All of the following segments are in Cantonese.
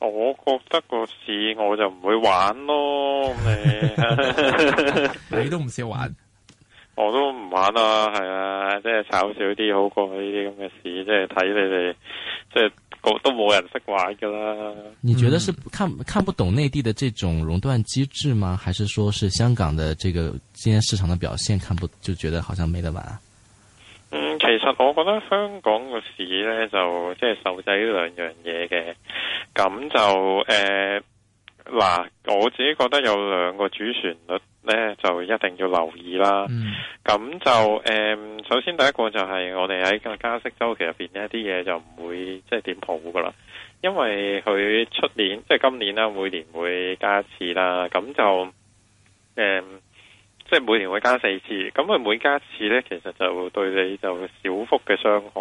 我覺得個市我就唔會玩咯，你都唔識玩，我都唔玩啊。係啊，即係炒少啲好過呢啲咁嘅市，即係睇你哋，即係個都冇人識玩㗎喇。你覺得是看看不懂內地嘅這種熔斷機制嗎？還是說是香港嘅這個今天市場嘅表現看不就覺得好像沒得玩啊？嗯，其實我覺得香港個市咧就即係受制呢兩樣嘢嘅，咁就誒嗱、呃，我自己覺得有兩個主旋律咧就一定要留意啦。咁、嗯、就誒、呃，首先第一個就係我哋喺個加息週期入邊咧，啲嘢就唔會即係點好噶啦，因為佢出年即係今年啦，每年會加一次啦，咁就誒。呃即係每年會加四次，咁佢每加一次呢，其實就對你就小幅嘅傷害。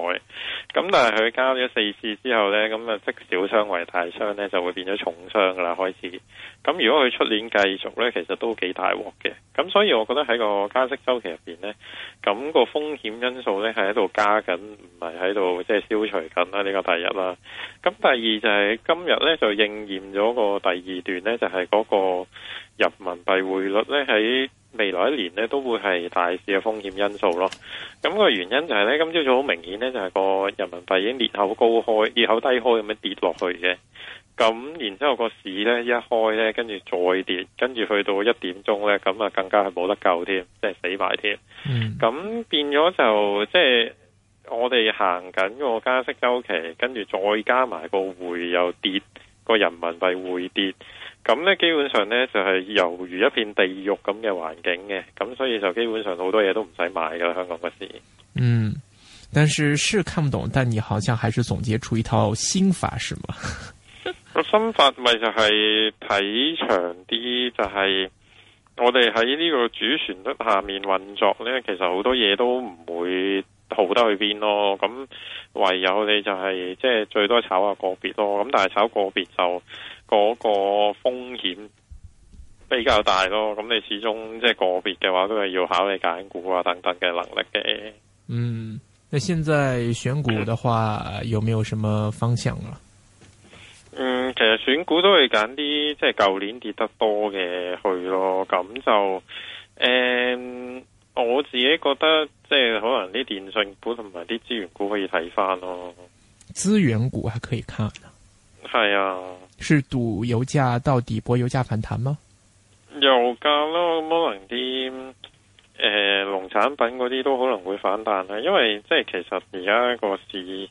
咁但係佢加咗四次之後呢，咁啊即小傷為大傷呢，就會變咗重傷㗎喇開始。咁如果佢出年繼續呢，其實都幾大鑊嘅。咁所以我覺得喺個加息周期入邊呢，咁個風險因素呢，係喺度加緊，唔係喺度即係消除緊啦。呢個第一啦。咁第二就係今日呢，就應驗咗個第二段呢，就係嗰個人民幣匯率呢。喺。未來一年咧都會係大市嘅風險因素咯。咁、嗯、個原因就係咧，今朝早好明顯咧，就係個人民幣已經裂口高開，裂口低開咁樣跌落去嘅。咁、嗯、然之後個市咧一開咧，跟住再跌，跟住去到一點鐘咧，咁啊更加係冇得救添，即係死埋添。咁、mm. 嗯、變咗就即係、就是、我哋行緊個加息週期，跟住再加埋個匯又跌，個人民幣匯跌。咁咧基本上咧就係猶如一片地獄咁嘅環境嘅，咁所以就基本上好多嘢都唔使買嘅啦，香港個市。嗯，但是是看不懂，但你好像還是總結出一套心法，是嗎？個心法咪就係睇長啲，就係我哋喺呢個主旋律下面運作咧，其實好多嘢都唔會。逃得去邊咯，咁唯有你就係即係最多炒下個別咯，咁但係炒個別就嗰個風險比較大咯，咁你始終即係個別嘅話都係要考慮揀股啊、等等嘅能力嘅。嗯,那現在選股的話有沒有什麼方向啊？嗯，其實選股都會揀啲即係舊年跌得多嘅去咯，咁就誒。我自己覺得，即係可能啲電信股同埋啲資源股可以睇返咯。資源股還可以看啊？係啊，是賭油價到底波油價反彈嗎？油價咯，咁可能啲誒、呃，農產品嗰啲都可能會反彈啦。因為即係其實而家個市實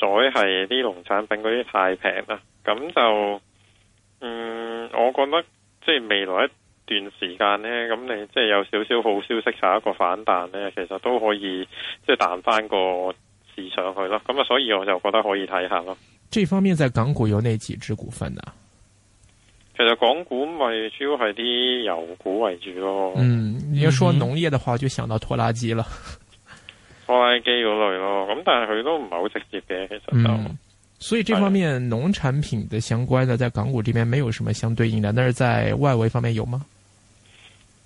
在係啲農產品嗰啲太平啦，咁就嗯，我覺得即係未來一。段時間咧，咁你即係有少少好消息，有一個反彈咧，其實都可以即係彈翻個市場去咯。咁啊，所以我就覺得可以睇下咯。這方面在港股有哪幾支股份啊？其實港股咪主要係啲油股為主咯。嗯，你要說農業的話，就想到拖拉機啦。拖拉機嗰類咯，咁但係佢都唔係好直接嘅，其實就。所以這方面農產品的相關嘅，在港股這邊沒有什麼相對應的，但是在外圍方面有嗎？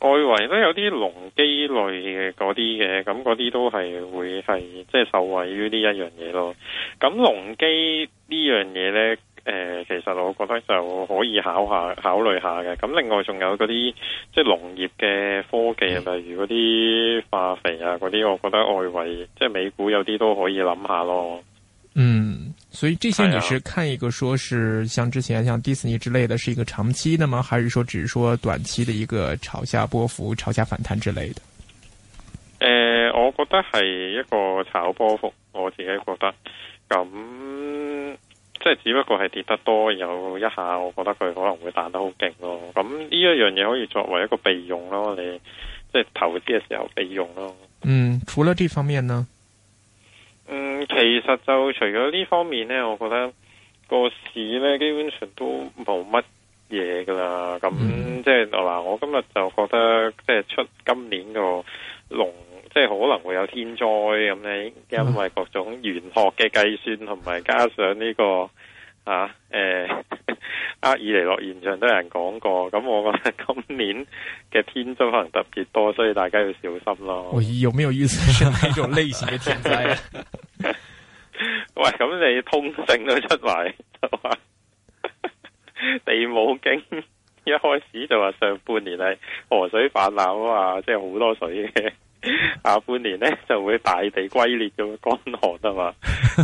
外圍都有啲農機類嘅嗰啲嘅，咁嗰啲都係會係即係受惠於呢一樣嘢咯。咁農機呢樣嘢呢，誒、呃，其實我覺得就可以考下考慮下嘅。咁另外仲有嗰啲即係農業嘅科技，例如嗰啲化肥啊，嗰啲，我覺得外圍即係美股有啲都可以諗下咯。嗯。所以這些你是看一個，說是像之前像 Disney 之類的是一個長期的嗎？還是說只是說短期的一個炒價波幅、炒價反彈之類的？誒、呃，我覺得係一個炒波幅，我自己覺得咁即係只不過係跌得多，有一下我覺得佢可能會彈得好勁咯。咁呢一樣嘢可以作為一個備用咯，你即係投資嘅時候備用咯。嗯，除了這方面呢？嗯，其實就除咗呢方面呢，我覺得個市呢基本上都冇乜嘢噶啦。咁、嗯、即係嗱，我今日就覺得即係出今年個龍，即係可能會有天災咁呢，因為各種玄學嘅計算，同埋加上呢、這個吓誒。啊呃 厄爾尼諾現象都有人講過，咁我覺得今年嘅天災可能特別多，所以大家要小心咯。喂，有冇遇上呢種類型嘅天災啊？喂，咁你通勝都出嚟就話 地母經，一開始就話上半年係河水泛濫啊，即係好多水嘅。下半年咧就會大地龜裂咁，乾旱啊嘛，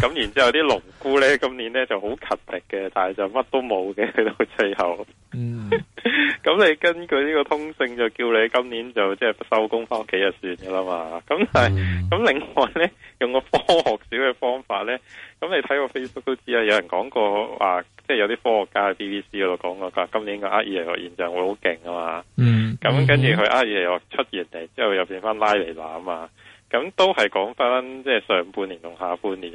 咁然之後啲農夫咧，今年咧就好勤力嘅，但係就乜都冇嘅，去到最後。咁 你根據呢個通勝，就叫你今年就即係收工返屋企就算噶啦嘛。咁係，咁另外咧，用個科學少嘅方法咧，咁你睇個 Facebook 都知啦，有人講過話、啊，即係有啲科學家喺 BBC 嗰度講過，佢話今年個厄爾尼諾現象會好勁啊嘛。嗯，咁跟住佢厄爾尼諾出現嚟之後，又變翻拉尼娜啊嘛。咁都係講翻，即係上半年同下半年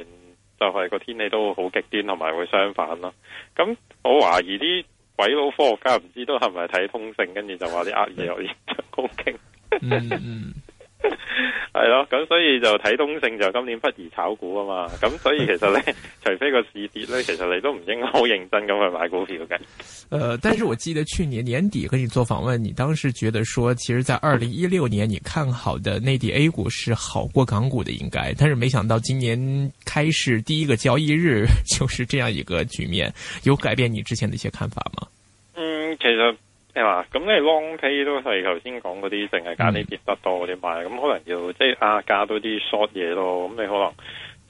就係個天氣都好極端，同埋會相反咯。咁我懷疑啲鬼佬科學家唔知都係咪睇通勝，跟住就話啲厄爾尼諾現象好勁。嗯。係咯，咁 所以就睇通勝就今年不宜炒股啊嘛，咁所以其實呢，除非個市跌呢，其實你都唔應該好認真咁去買股票嘅。誒、呃，但是我記得去年年底跟你做訪問，你當時覺得說，其實在二零一六年，你看好的內地 A 股是好過港股的，應該，但是沒想到今年開市第一個交易日就是這樣一個局面，有改變你之前的一些看法嗎？嗯，其實。係嘛？咁你 long pay 都係頭先講嗰啲，淨係揀呢跌得多啲買。咁可能要即係壓加多啲 short 嘢咯。咁你可能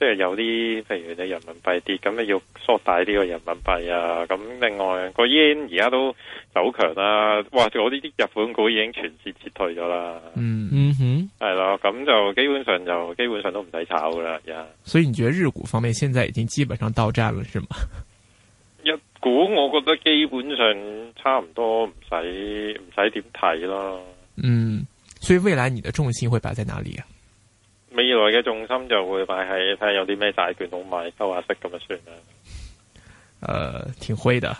即係有啲，譬如你人民幣跌，咁你要 short 大啲個人民幣啊。咁另外個 yen 而家都走強啦。哇！我呢啲日本股已經全線撤退咗啦。嗯 嗯哼，係咯。咁就基本上就基本上都唔使炒噶啦。呀，所以你覺得日股方面現在已經基本上到站啦，是嗎？估我覺得基本上差唔多，唔使唔使點睇啦。嗯，所以未來你嘅重心會擺在哪裏啊？嗯、未來嘅重、啊、重心就會擺喺睇下有啲咩債券好買收下息咁就算啦。誒、呃，挺灰的。誒、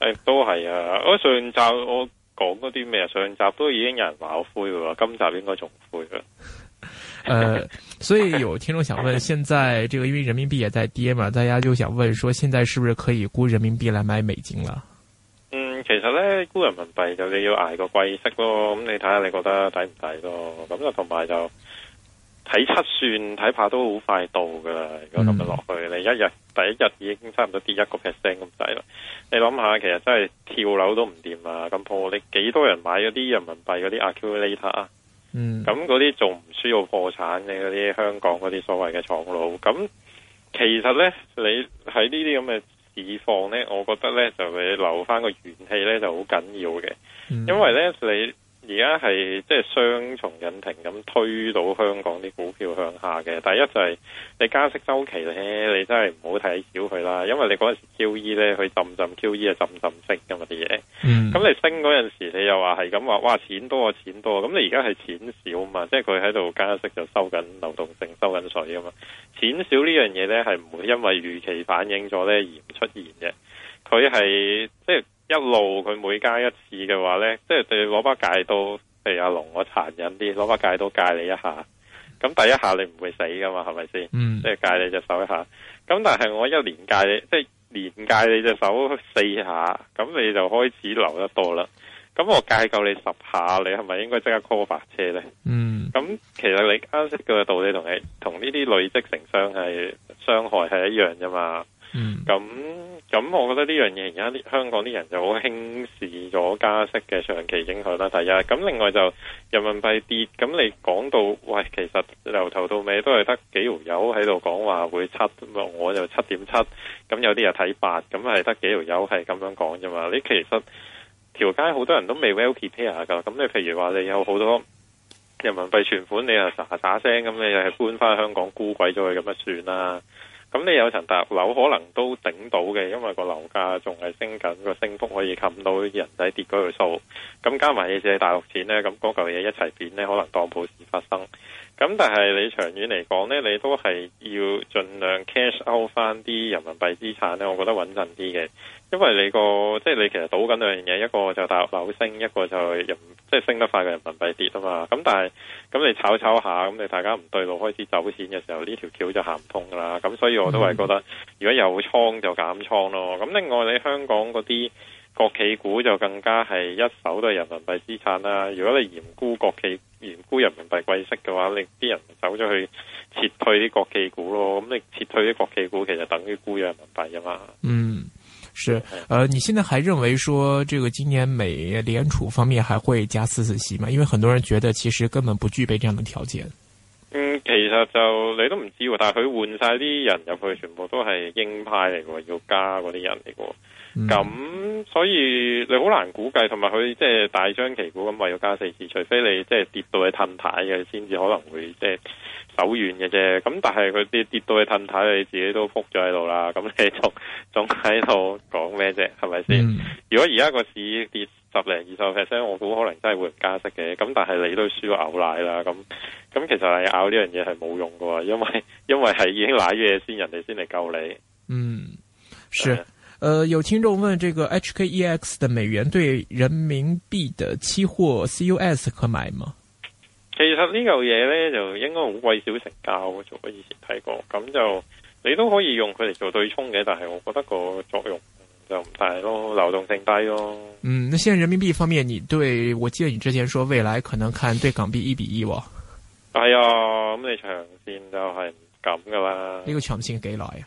哎，都係啊！我、哎、上集我講嗰啲咩啊，上集都已經有人話我灰嘅啦，今集應該仲灰啦。 呃，所以有聽眾想問，現在這個因為人民幣也在跌嘛，大家就想問說，現在是不是可以沽人民幣來買美金了、啊？嗯，其實咧沽人民幣就你要挨個貴息咯，咁你睇下你覺得抵唔抵咯？咁啊同埋就睇七算睇怕都好快到噶啦，如果咁樣落去，嗯、你一日第一日已經差唔多跌一個 percent 咁滯啦。你諗下，其實真係跳樓都唔掂啊！咁鋪你幾多人買嗰啲人民幣嗰啲 accumulator 啊？嗯，咁嗰啲仲唔需要破產嘅嗰啲香港嗰啲所謂嘅廠佬，咁其實咧，你喺呢啲咁嘅市況咧，我覺得咧就你留翻個元氣咧就好緊要嘅，嗯、因為咧你。而家係即係雙重引停，咁推到香港啲股票向下嘅。第一就係你加息周期咧，你真係唔好睇少佢啦，因為你嗰陣時 QE 咧佢浸浸 QE 啊，浸浸、e、升噶嘛啲嘢，咁、嗯、你升嗰陣時你又話係咁話，哇，錢多啊，錢多啊，咁、啊、你而家係錢少啊嘛，即係佢喺度加息就收緊流動性收緊水啊嘛，錢少呢樣嘢咧係唔會因為預期反映咗咧而唔出現嘅，佢係即係。一路佢每加一次嘅話呢，即係對攞把戒刀，譬如阿龍我殘忍啲，攞把戒刀戒你一下。咁第一下你唔會死噶嘛，係咪先？嗯。即係戒你隻手一下。咁但係我一連戒你，即係連戒你隻手四下，咁你就開始留得多啦。咁我戒夠你十下，你係咪應該即刻 call 白車咧，嗯嗯？嗯。咁其實你啱識嘅道理同你同呢啲累積成傷係傷害係一樣噶嘛？咁、嗯。嗯咁，我覺得呢樣嘢而家啲香港啲人就好輕視咗加息嘅長期影響啦。第一，咁另外就人民幣跌，咁你講到喂，其實由頭到尾都係得幾條友喺度講話會七，我就七點七，咁有啲人睇八，咁係得幾條友係咁樣講啫嘛。你其實條街好多人都未 well prepared 㗎，咁你譬如話你有好多人民幣存款，你又喳喳聲，咁你又係搬返香港沽鬼咗佢，咁咪算啦？咁你有層大樓可能都頂到嘅，因為個樓價仲係升緊，個升幅可以冚到人仔跌嗰條數。咁加埋你借大陸錢呢，咁嗰嚿嘢一齊變呢，可能當鋪事發生。咁但係你長遠嚟講呢，你都係要盡量 cash out 翻啲人民幣資產呢，我覺得穩陣啲嘅。因為你個即係你其實賭緊兩樣嘢，一個就大陸樓升，一個就人即係、就是、升得快嘅人民幣跌啊嘛。咁但係咁你炒炒下，咁你大家唔對路開始走線嘅時候，呢條橋就行唔通噶啦。咁所以我都係覺得，如果有倉就減倉咯。咁另外你香港嗰啲國企股就更加係一手都係人民幣資產啦。如果你嚴估國企嚴估人民幣貴息嘅話，你啲人走咗去撤退啲國企股咯。咁你撤退啲國企股，其實等於沽人民幣啊嘛。嗯。是，呃，你現在還認為說，這個今年美聯儲方面還會加四次息嗎？因為很多人覺得其實根本不具備這樣的條件。嗯，其實就你都唔知喎，但係佢換晒啲人入去，全部都係鷹派嚟嘅，要加嗰啲人嚟嘅。咁、嗯、所以你好難估計，同埋佢即係大張旗鼓咁，話要加四次，除非你即係跌到去褪肽嘅，先至可能會即係手軟嘅啫。咁但係佢跌跌到去褪肽，你自己都撲咗喺度啦。咁你仲仲喺度講咩啫？係咪先？嗯、如果而家個市跌十零二十 percent，我估可能真係會唔加息嘅。咁但係你都輸牛奶啦。咁咁其實咬呢樣嘢係冇用嘅，因為因為係已經奶嘢先，人哋先嚟救你。嗯，誒、呃，有聽眾問，這個 HKEX 的美元兌人民幣的期貨 CUS 可買嗎？其實呢樣嘢，呢，就應該好貴少成交，我以前睇過，咁就你都可以用佢嚟做對沖嘅，但係我覺得個作用就唔大咯，流動性低咯。嗯，那現在人民幣方面，你對，我記得你之前說，未來可能看對港幣一比一喎、哦。係啊、哎，咁你長線就係咁噶啦。呢個長線幾耐啊？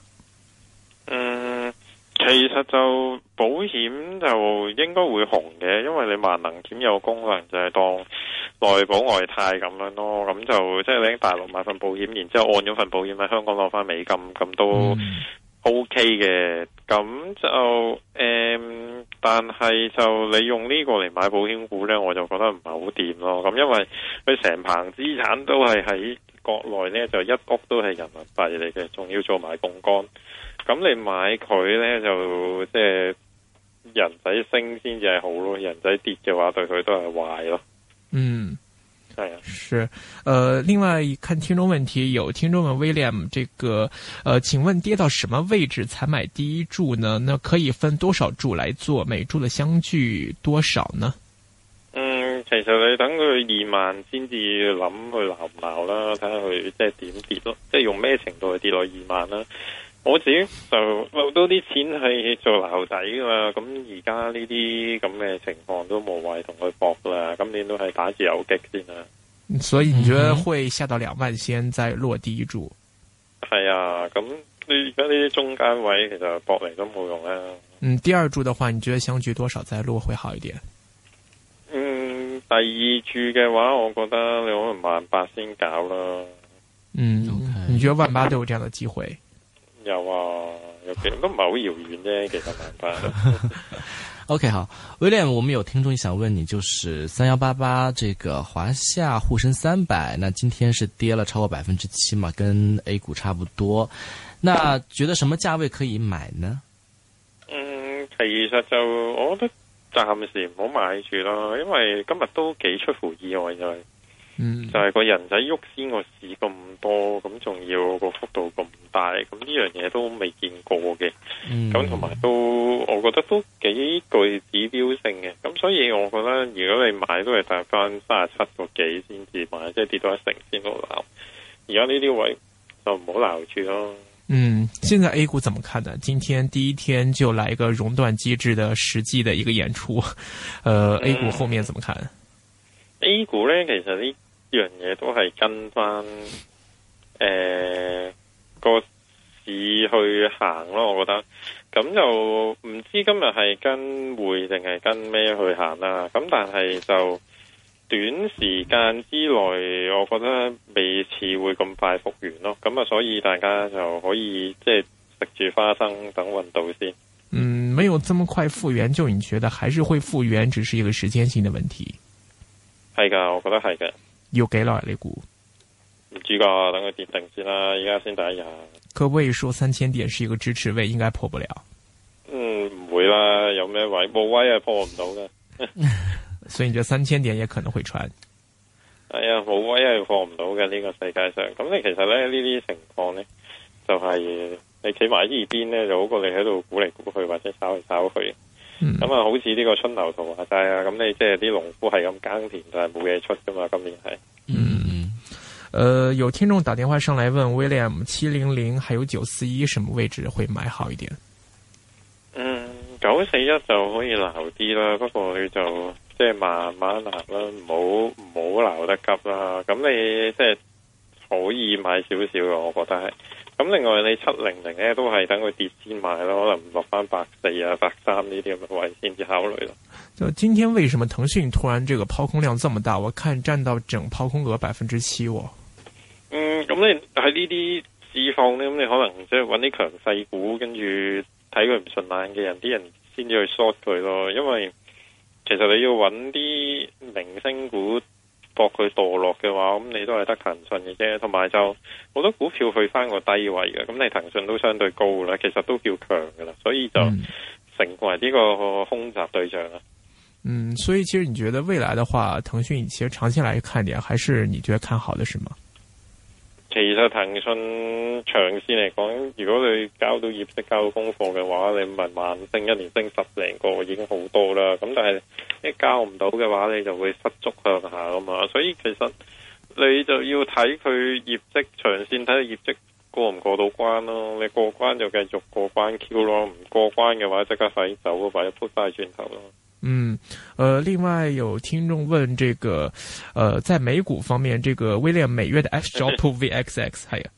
其實就保險就應該會紅嘅，因為你萬能險有功能就係、是、當內保外貸咁樣咯，咁就即係你喺大陸買份保險，然之後按咗份保險喺香港攞翻美金，咁都 OK 嘅。咁就誒、嗯，但係就你用呢個嚟買保險股呢，我就覺得唔係好掂咯。咁因為佢成棚資產都係喺國內呢，就一屋都係人民幣嚟嘅，仲要做埋槓桿。咁你買佢咧，就即係人仔升先至係好咯，人仔跌嘅話對佢都係壞咯。嗯，係啊，是。呃，另外看聽眾問題有，有聽眾問 William，呢、這個，呃，請問跌到什麼位置才買第一注呢？那可以分多少注嚟做？每注嘅相距多少呢？嗯，其實你等佢二萬先至諗佢撈唔撈啦，睇下佢即係點跌咯，即係用咩程度去跌落二萬啦。我自己就攞多啲錢係做樓仔噶嘛，咁而家呢啲咁嘅情況都無謂同佢搏啦，咁你都係打游擊先啦。所以你覺得會下到兩萬先再落第一注？係、嗯、啊，咁你而家呢啲中間位其實搏嚟都冇用啦、啊。嗯，第二注嘅話，你覺得相距多少再落會好一點？嗯，第二注嘅話，我覺得你可能萬八先搞啦。嗯，Okay. 你覺得萬八都有這樣的機會？有啊，都唔係好遙遠啫，其實唔怕。 OK，好，William，我們有聽眾想問你，就是三幺八八這個華夏滬深三百，那今天是跌了超過百分之七嘛，跟 A 股差不多。那覺得什麼價位可以買呢？嗯，其實就我覺得暫時唔好買住咯，因為今日都幾出乎意外嘅。嗯、就係個人仔喐先個市咁多，咁、嗯、仲要個幅度咁大，咁呢樣嘢都未見過嘅。咁同埋都，我覺得都幾具指標性嘅。咁、嗯、所以我覺得，如果你買都係彈翻三十七個幾先至買，即係跌到一成先好撈。而家呢啲位就唔好撈住咯。嗯，現在 A 股怎麼看呢？今天第一天就來一個熔斷機制的實際的一個演出。誒、呃嗯、，A 股後面怎麼看、嗯、？A 股咧，其實呢。呢樣嘢都係跟翻誒個市去行咯，我覺得咁就唔知今日係跟匯定係跟咩去行啦。咁但係就短時間之內，我覺得未似會咁快復原咯。咁啊，所以大家就可以即係食住花生等運到先。嗯，沒有這麼快復原，就你覺得還是會復原，只是一個時間性的問題。係噶、嗯，我覺得係噶。要幾耐你估？唔知㗎，等佢跌定先啦。而家先第一日。可唔可以說三千點是一個支持位，應該破不了？嗯，唔會啦。有咩位？冇威係破唔到嘅。 所以你就三千點也可能會穿。哎呀，冇威係破唔到嘅呢個世界上。咁你其實咧呢啲情況咧，就係、是、你企埋呢邊咧，就好過你喺度估嚟估去，或者炒嚟炒去。咁啊，好似呢個春牛圖話齋啊，但啊、嗯，咁你即係啲農夫係咁耕田，但係冇嘢出噶嘛，今年係。嗯嗯誒，有聽眾打電話上嚟問 William 七零零還有九四一什麼位置會買好一點？嗯，九四一就可以留啲啦，不過你就即係、就是、慢慢留啦，唔好唔好留得急啦。咁你即係、就是、可以買少少嘅，我覺得係。咁另外你七零零咧都係等佢跌先買咯，可能落翻百四啊、百三呢啲咁嘅位先至考慮咯。就今天為什麼騰訊突然這個拋空量這麼大？我看佔到整拋空額百分之七哦嗯。嗯，咁、嗯、你喺呢啲市況咧，咁你可能即係揾啲強勢股，跟住睇佢唔順眼嘅人，啲人先至去 short 佢咯。因為其實你要揾啲明星股。落去墮落嘅話，咁你都係得騰訊嘅啫，同埋就好多股票去翻個低位嘅，咁你騰訊都相對高啦，其實都叫強噶啦，所以就成為呢個空襲對象啦。嗯，所以其實你覺得未來嘅話，騰訊其實長期來看點，還是你覺得看好的是嗎？其實騰訊長線嚟講，如果你交到業績、交到功課嘅話，你唔係萬升，一年升十零個已經好多啦。咁但係一交唔到嘅話，你就會失足向下啊嘛。所以其實你就要睇佢業績長線，睇佢業績過唔過到關咯，啊。你過關就繼續過關 Q 咯，唔、呃、過關嘅話即刻快走或者撲返轉頭咯。嗯，誒、呃，另外有聽眾問，這個，誒、呃，在美股方面，這個威廉每月的 short put VXX，係啊，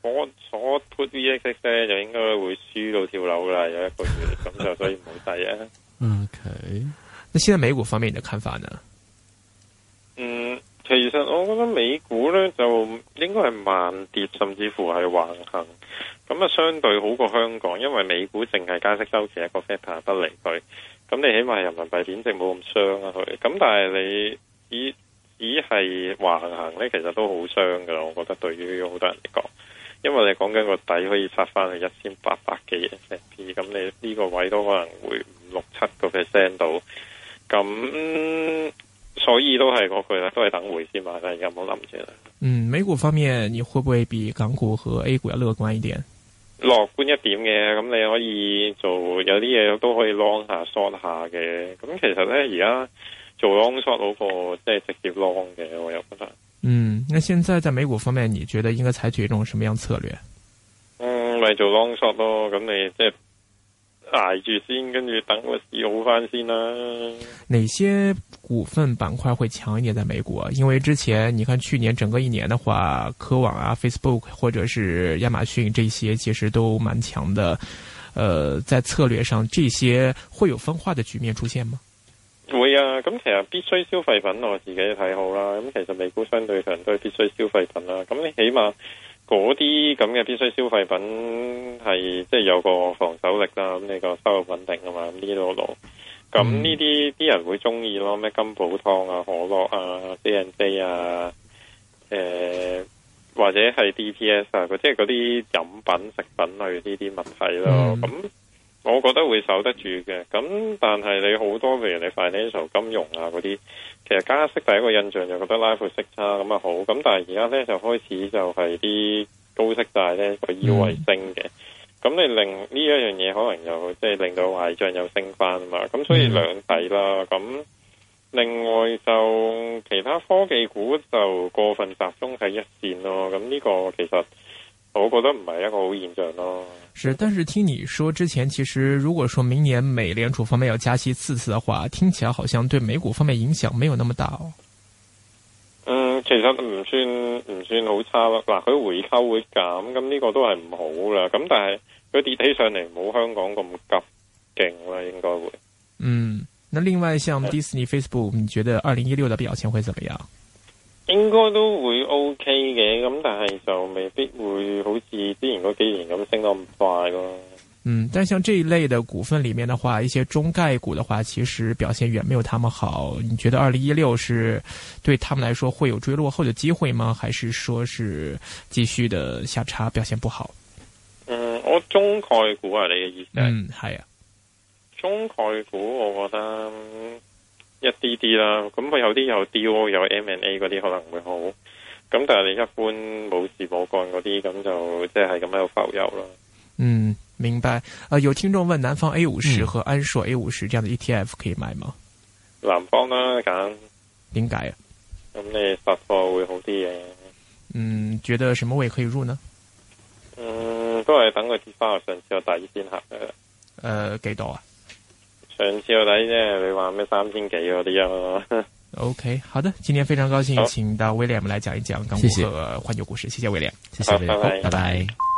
我 short put VXX 咧，就應該會輸到跳樓啦，有一個月，咁就 所以唔好抵啊。OK，那現在美股方面你的看法呢？嗯，其實我覺得美股咧，就應該係慢跌，甚至乎係橫行，咁啊相對好過香港，因為美股淨係加息週期一個 factor 不離佢。咁你起碼人民幣貶值冇咁傷啊佢，咁但係你以以係橫行咧，其實都好傷噶，我覺得對於好多人嚟講，因為你講緊個底可以拆翻去一千八百幾 A P，咁你呢個位都可能會五六七個 percent 到，咁所以都係嗰句啦，都係等回先嘛，大家唔好諗住啦。嗯，美股方面，你會唔會比港股和 A 股要樂觀一點？樂觀一點嘅，咁你可以做有啲嘢，都可以 long 下 short 下嘅。咁其實咧，而家做 long short 嗰個即係直接 long 嘅，我又覺得。嗯，那現在在美股方面，你覺得應該採取一種什麼樣的策略？嗯，咪做 long short 咯，咁你即係。捱住先，跟住等我試好翻先啦。哪些股份板塊會強一點？在美股，因為之前，你看去年整個一年的話，科網啊，Facebook 或者是亞馬遜這些，其實都蠻強的。呃，在策略上，這些會有分化的局面出現嗎？會啊，咁、嗯、其實必須消費品我自己睇好啦。咁、嗯、其實美股相對上都係必須消費品啦。咁、嗯、你起碼。嗰啲咁嘅必須消費品係即係有個防守力啦，咁你個收入穩定啊嘛，呢度攞，咁呢啲啲人會中意咯，咩金寶湯啊、可樂啊、C N C 啊，誒、呃、或者係 D P S 啊，佢即係嗰啲飲品食品類呢啲物體咯，咁、嗯。我覺得會守得住嘅，咁但係你好多譬如你 financial 金，金融啊嗰啲，其實加息第一個印象就覺得拉闊息差咁啊好，咁但係而家咧就開始就係啲高息債咧個腰位升嘅，咁、嗯、你令呢一樣嘢可能又即係令到壞賬又升翻啊嘛，咁所以兩底啦。咁、嗯、另外就其他科技股就過分集中喺一線咯，咁呢個其實我覺得唔係一個好現象咯。是，但是聽你說之前，其實如果說明年美聯儲方面要加息四次，次的話，聽起來好像對美股方面影響沒有那麼大哦。嗯，其實唔算唔算好差啦。嗱，佢回扣會減，咁呢個都係唔好啦。咁但係佢跌起上嚟冇香港咁急勁啦，應該會。嗯，那另外像 Disney、Facebook，你覺得二零一六的表現會怎麼樣？應該都會 OK 嘅，咁但係就未必會好似之前嗰幾年咁升得咁快咯。嗯，但係像這一類的股份裏面的話，一些中概股的話，其實表現遠沒有他們好。你覺得二零一六是對他們來說會有追落後的機會嗎？還是說是繼續的下差表現不好？嗯，我中概股係你嘅意思？嗯，係啊。中概股我覺得。一啲啲啦，咁、嗯、佢有啲有 D.O. 有 M&A 嗰啲可能會好，咁但係你一般冇事冇幹嗰啲，咁就即係咁樣有浮游咯。嗯，明白。啊、呃，有聽眾問南方 A 五十和安碩 A 五十這樣的 E.T.F 可以買嗎？南方啦咁，點解？咁、嗯、你發貨會好啲嘅。嗯，覺得什麼位可以入呢？嗯，都係等佢跌翻我上次我第一先下嘅。誒、呃，幾多啊？上次笑睇啫，你話咩三千幾嗰啲啊？OK，好的，今天非常高興， 請到 William 來講一講港股和環球股市。謝謝 William，謝謝好 William，拜拜。Oh, bye bye. Bye bye.